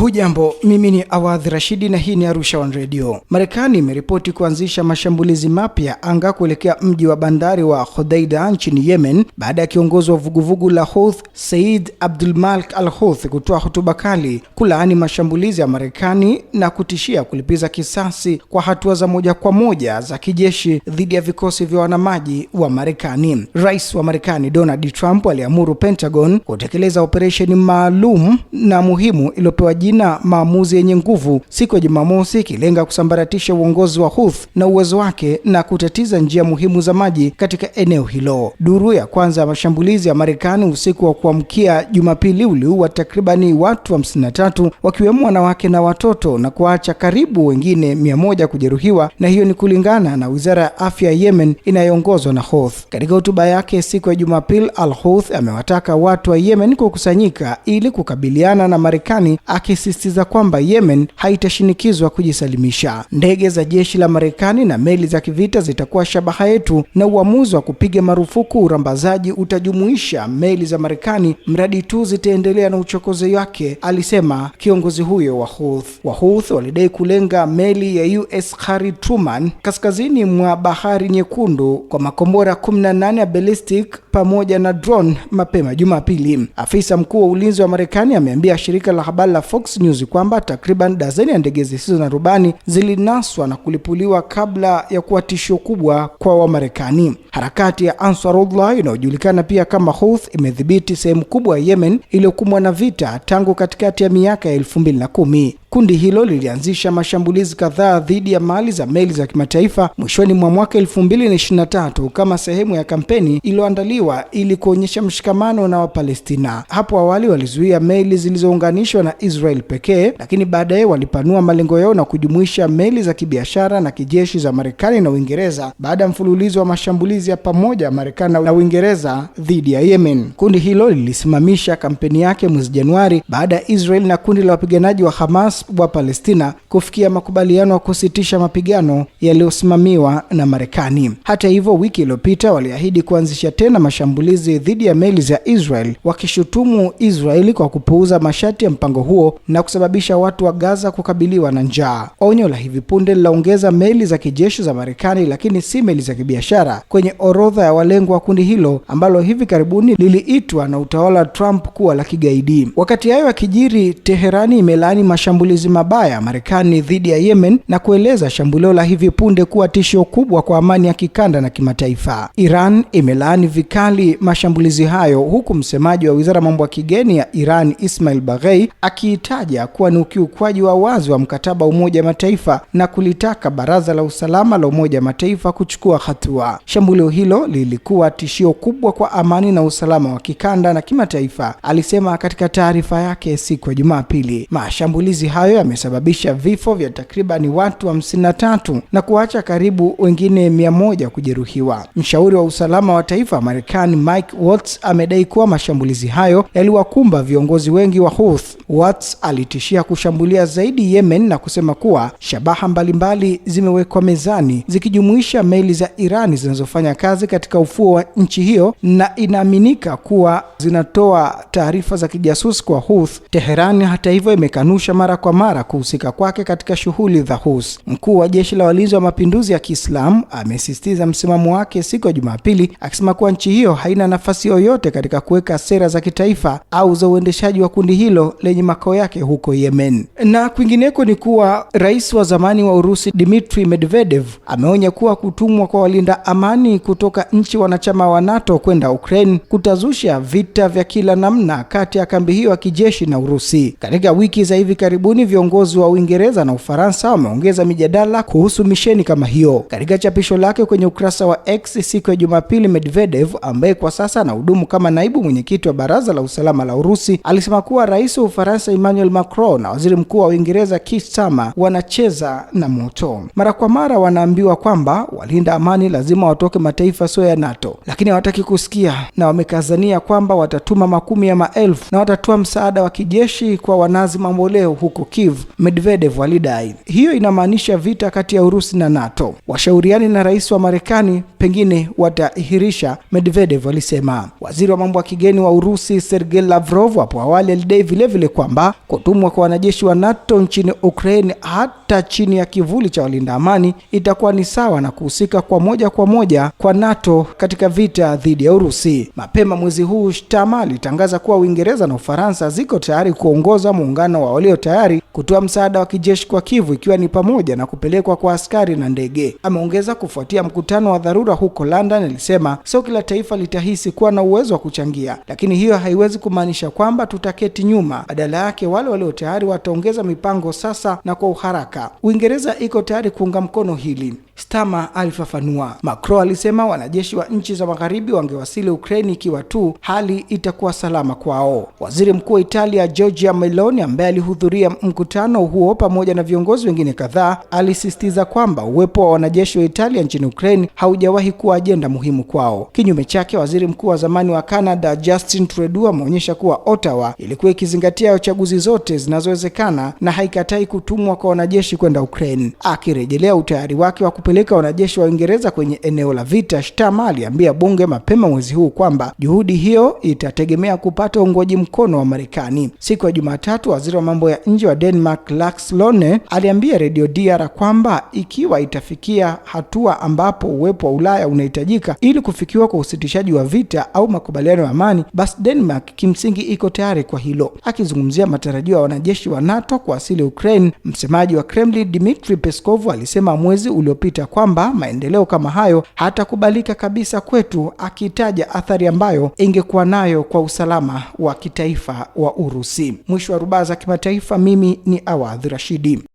Hujambo, mimi ni Awadhi Rashidi na hii ni Arusha One Radio. Marekani imeripoti kuanzisha mashambulizi mapya anga kuelekea mji wa bandari wa Hodeida nchini Yemen baada ya kiongozi wa vuguvugu la Houthi Said Abdulmalik Al Houth kutoa hotuba kali kulaani mashambulizi ya Marekani na kutishia kulipiza kisasi kwa hatua za moja kwa moja za kijeshi dhidi ya vikosi vya wanamaji wa Marekani. Rais wa Marekani Donald Trump aliamuru Pentagon kutekeleza operesheni maalum na muhimu iliyopewa jina maamuzi yenye nguvu siku ya Jumamosi, ikilenga kusambaratisha uongozi wa Houthi na uwezo wake na kutatiza njia muhimu za maji katika eneo hilo. Duru ya kwanza ya mashambulizi ya Marekani usiku wa kuamkia Jumapili uliua takribani watu 53 wa wakiwemo wanawake na watoto na kuacha karibu wengine 100 kujeruhiwa, na hiyo ni kulingana na Wizara ya Afya ya Yemen inayoongozwa na Houthi. Katika hotuba yake siku ya Jumapili, Al-Houthi amewataka watu wa Yemen kukusanyika ili kukabiliana na Marekani aki alisisitiza kwamba Yemen haitashinikizwa kujisalimisha. Ndege za jeshi la Marekani na meli za kivita zitakuwa shabaha yetu, na uamuzi wa kupiga marufuku urambazaji utajumuisha meli za Marekani mradi tu zitaendelea na uchokozi wake, alisema kiongozi huyo wa Houthi. Wahouthi walidai kulenga meli ya US Harry Truman kaskazini mwa Bahari Nyekundu kwa makombora 18 ya ballistic pamoja na drone mapema Jumapili. Afisa mkuu wa ulinzi wa Marekani ameambia shirika la habari la Fox News kwamba takriban dazeni ya ndege zisizo na rubani zilinaswa na kulipuliwa kabla ya kuwa tishio kubwa kwa Wamarekani. Harakati ya Ansarullah inayojulikana pia kama Houth imedhibiti sehemu kubwa ya Yemen iliyokumbwa na vita tangu katikati ya miaka ya elfu mbili na kumi. Kundi hilo lilianzisha mashambulizi kadhaa dhidi ya mali za meli za kimataifa mwishoni mwa mwaka 2023 kama sehemu ya kampeni iliyoandaliwa ili kuonyesha mshikamano na Wapalestina. Hapo awali walizuia meli zilizounganishwa na Israel pekee, lakini baadaye walipanua malengo yao na kujumuisha meli za kibiashara na kijeshi za Marekani na Uingereza baada ya mfululizo wa mashambulizi ya pamoja ya Marekani na Uingereza dhidi ya Yemen. Kundi hilo lilisimamisha kampeni yake mwezi Januari baada ya Israel na kundi la wapiganaji wa Hamas Hamas wa Palestina kufikia makubaliano ya kusitisha mapigano yaliyosimamiwa na Marekani. Hata hivyo, wiki iliyopita waliahidi kuanzisha tena mashambulizi dhidi ya meli za Israel, wakishutumu Israeli kwa kupuuza masharti ya mpango huo na kusababisha watu wa Gaza kukabiliwa na njaa. Onyo la hivi punde linaongeza meli za kijeshi za Marekani, lakini si meli za kibiashara kwenye orodha ya walengwa wa kundi hilo ambalo hivi karibuni liliitwa na utawala wa Trump kuwa la kigaidi. Wakati hayo yakijiri, Teherani imelaani mashambulizi mashambulizi mabaya ya Marekani dhidi ya Yemen na kueleza shambulio la hivi punde kuwa tishio kubwa kwa amani ya kikanda na kimataifa. Iran imelaani vikali mashambulizi hayo huku msemaji wa Wizara Mambo ya Kigeni ya Iran, Ismail Baghei, akiitaja kuwa ni ukiukwaji wa wazi wa mkataba wa Umoja Mataifa na kulitaka Baraza la Usalama la Umoja Mataifa kuchukua hatua. Shambulio hilo lilikuwa tishio kubwa kwa amani na usalama wa kikanda na kimataifa, alisema katika taarifa yake siku ya Jumapili. Mashambulizi hayo yamesababisha vifo vya takribani watu hamsini na tatu na kuacha karibu wengine mia moja kujeruhiwa. Mshauri wa usalama wa taifa wa Marekani Mike Watts amedai kuwa mashambulizi hayo yaliwakumba viongozi wengi wa Houthi. Watts alitishia kushambulia zaidi Yemen na kusema kuwa shabaha mbalimbali zimewekwa mezani zikijumuisha meli za Irani zinazofanya kazi katika ufuo wa nchi hiyo na inaaminika kuwa zinatoa taarifa za kijasusi kwa Houthi. Teherani hata hivyo imekanusha mara kwa kwa mara kuhusika kwake katika shughuli za hus. Mkuu wa jeshi la walinzi wa mapinduzi ya Kiislamu amesisitiza msimamo wake siku ya Jumapili akisema kuwa nchi hiyo haina nafasi yoyote katika kuweka sera za kitaifa au za uendeshaji wa kundi hilo lenye makao yake huko Yemen. Na kwingineko ni kuwa rais wa zamani wa Urusi Dmitry Medvedev ameonya kuwa kutumwa kwa walinda amani kutoka nchi wanachama wa NATO kwenda Ukraine kutazusha vita vya kila namna kati ya kambi hiyo ya kijeshi na Urusi. Katika wiki za hivi karibuni karibuni viongozi wa Uingereza na Ufaransa wameongeza mijadala kuhusu misheni kama hiyo. Katika chapisho lake kwenye ukurasa wa X siku ya Jumapili, Medvedev ambaye kwa sasa anahudumu kama naibu mwenyekiti wa Baraza la Usalama la Urusi alisema kuwa rais wa Ufaransa Emmanuel Macron na waziri mkuu wa Uingereza Keir Starmer wanacheza na moto. Mara kwa mara wanaambiwa kwamba walinda amani lazima watoke mataifa sio ya NATO, lakini hawataki kusikia na wamekazania kwamba watatuma makumi ya maelfu na watatoa msaada wa kijeshi kwa wanazi mamboleo huko Kiev, Medvedev alidai. Hiyo inamaanisha vita kati ya Urusi na NATO. Washauriani na rais wa Marekani, pengine wataahirisha, Medvedev alisema. Waziri wa mambo ya kigeni wa Urusi Sergei Lavrov hapo awali alidai vilevile kwamba kutumwa kwa wanajeshi wa NATO nchini Ukraine hata chini ya kivuli cha walinda amani itakuwa ni sawa na kuhusika kwa moja kwa moja kwa NATO katika vita dhidi ya Urusi. Mapema mwezi huu Stama alitangaza kuwa Uingereza na Ufaransa ziko tayari kuongoza muungano wa walio tayari serikali kutoa msaada wa kijeshi kwa Kivu ikiwa ni pamoja na kupelekwa kwa askari na ndege. Ameongeza kufuatia mkutano wa dharura huko London, alisema sio kila taifa litahisi kuwa na uwezo wa kuchangia, lakini hiyo haiwezi kumaanisha kwamba tutaketi nyuma. Badala yake, wale walio tayari wataongeza mipango sasa na kwa uharaka. Uingereza iko tayari kuunga mkono hili. Stama alifafanua. Macron alisema wanajeshi wa nchi za magharibi wangewasili Ukraini ikiwa tu hali itakuwa salama kwao. Waziri mkuu wa Italia Giorgia Meloni, ambaye alihudhuria mkutano huo pamoja na viongozi wengine kadhaa, alisisitiza kwamba uwepo wa wanajeshi wa Italia nchini Ukraine haujawahi kuwa ajenda muhimu kwao. Kinyume chake, waziri mkuu wa zamani wa Canada Justin Trudeau ameonyesha kuwa Ottawa ilikuwa ikizingatia chaguzi zote zinazowezekana na haikatai kutumwa kwa wanajeshi kwenda Ukraine, akirejelea utayari wake wa kupeleka wanajeshi wa Uingereza kwenye eneo la vita, Shtama aliambia bunge mapema mwezi huu kwamba juhudi hiyo itategemea kupata uungwaji mkono wa Marekani. Siku ya Jumatatu, waziri wa mambo ya nje wa Denmark Lone aliambia redio DR kwamba ikiwa itafikia hatua ambapo uwepo wa Ulaya unahitajika ili kufikiwa kwa usitishaji wa vita au makubaliano ya amani, basi Denmark kimsingi iko tayari kwa hilo. Akizungumzia matarajio ya wanajeshi wa NATO kuwasili Ukraine, msemaji wa Kremlin Dmitry Peskov alisema mwezi uliopita ya kwamba maendeleo kama hayo hatakubalika kabisa kwetu, akitaja athari ambayo ingekuwa nayo kwa usalama wa kitaifa wa Urusi. Mwisho wa rubaa za kimataifa. Mimi ni Awadhi Rashidi.